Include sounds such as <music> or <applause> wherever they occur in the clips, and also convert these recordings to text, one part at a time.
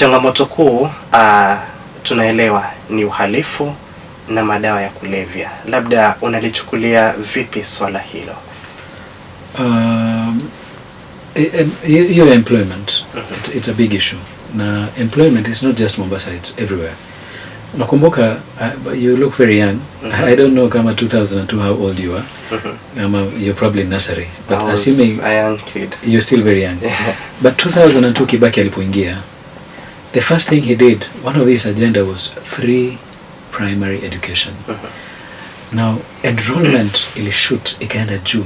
Changamoto kuu uh, tunaelewa ni uhalifu na madawa ya kulevya, labda unalichukulia vipi swala hilo? Um, eh, eh, hiyo employment mm -hmm. It, it's a big issue na employment is not just Mombasa, it's everywhere. Nakumbuka uh, you look very young mm -hmm. I don't know kama 2002 how old you are mm -hmm. um, you're probably nursery but assuming a young kid. You're still very young yeah. <laughs> But 2002 Kibaki alipoingia mm the first thing he did, one of his agenda was free primary education. Mm-hmm. Now enrollment ilishoot ikaenda juu.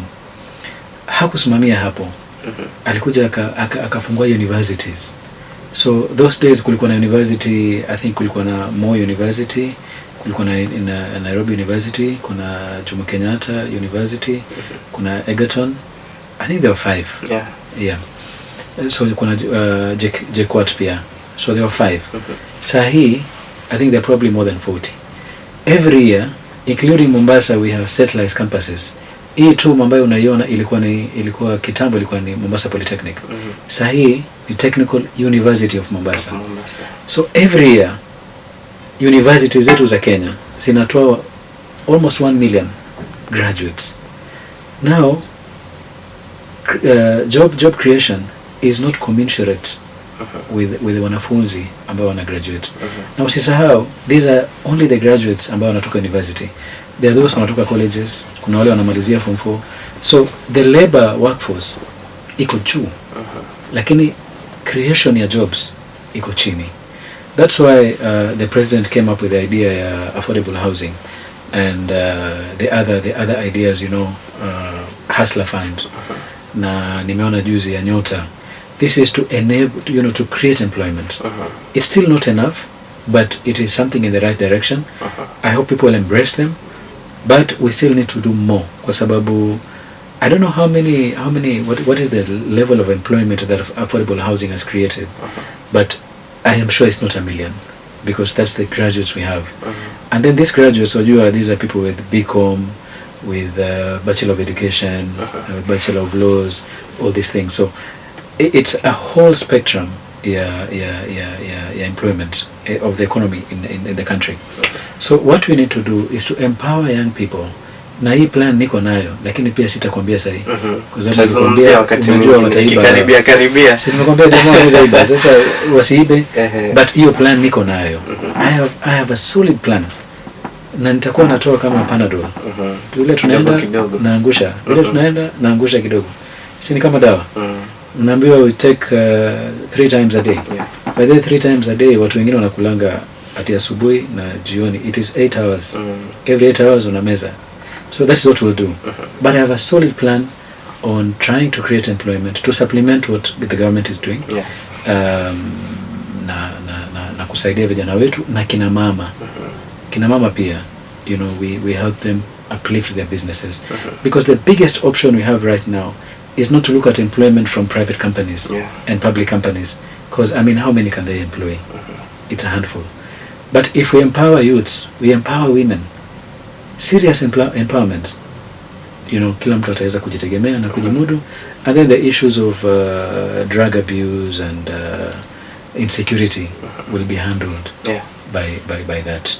Hakusimamia hapo. Mm-hmm. Alikuja akafungua aka, universities. So those days kulikuwa na university, I think kulikuwa na Moi University, kulikuwa na, na Nairobi University, kuna Jomo Kenyatta University, mm-hmm. kuna Egerton. I think there were five. Yeah. Yeah. So kuna uh, JKUAT pia. So there were five. Okay. Saa I think there are probably more than 40. Every year including Mombasa we have satellite campuses. Hii tu ambayo unaiona ilikuwa ni ilikuwa kitambo ilikuwa ni Mombasa Polytechnic. Mm -hmm. Saa hii ni Technical University of Mombasa. Mombasa. So every year university zetu za Kenya zinatoa almost 1 million graduates. Now uh, job job creation is not commensurate -huh. with with wanafunzi ambao wana graduate uh -huh. na usisahau these are only the graduates ambao wanatoka university there are those wanatoka colleges, kuna wale wanamalizia form 4 so the labor workforce iko juu uh -huh. lakini creation ya jobs iko chini. That's why uh, the president came up with the idea ya affordable housing and uh, the other the other ideas you know uh, hustler fund uh -huh. na nimeona juzi ya nyota this is to enable you know to create employment uh-huh. it's still not enough but it is something in the right direction uh-huh. i hope people embrace them but we still need to do more kwa i don't know how many how many what, what is the level of employment that affordable housing has created uh-huh. but i am sure it's not a million because that's the graduates we have uh-huh. and then these graduates or you are these are people with bcom with uh, bachelor of education uh-huh. uh, bachelor of laws all these things so it's a whole spectrum yeah, yeah, yeah, yeah, yeah, employment eh, of the economy in, in, in the country. So what we need to do is to empower young people na hii plan niko nayo lakini pia sitakwambia sahii, mhm. kwa sababu unajua wataiba, karibia karibia, si nimekwambia jamaa anaweza iba, <laughs> sasa wasiibe. But hiyo plan niko nayo, mhm. I have I have a solid plan na nitakuwa natoa kama panadol ile mhm. tunaenda naangusha, yule ile tunaenda naangusha kidogo, si ni kama dawa unaambiwa we take uh, three times a day yeah. by the three times a day watu wengine wanakulanga ati asubuhi na jioni it is eight hours mm. every eight hours una meza so that is what we'll do mm -hmm. but i have a solid plan on trying to create employment to supplement what the government is doing yeah. um, na, na, na, na kusaidia vijana wetu na kina mama mm -hmm. kina mama pia you know we, we help them uplift their businesses mm -hmm. because the biggest option we have right now is not to look at employment from private companies yeah. and public companies because I mean how many can they employ? Mm-hmm. It's a handful. But if we empower youths, we empower women. Serious empl- empowerment. You know, kila mtu ataweza kujitegemea na kujimudu mm-hmm. and then the issues of uh, drug abuse and uh, insecurity mm-hmm. will be handled yeah. by, by, by that.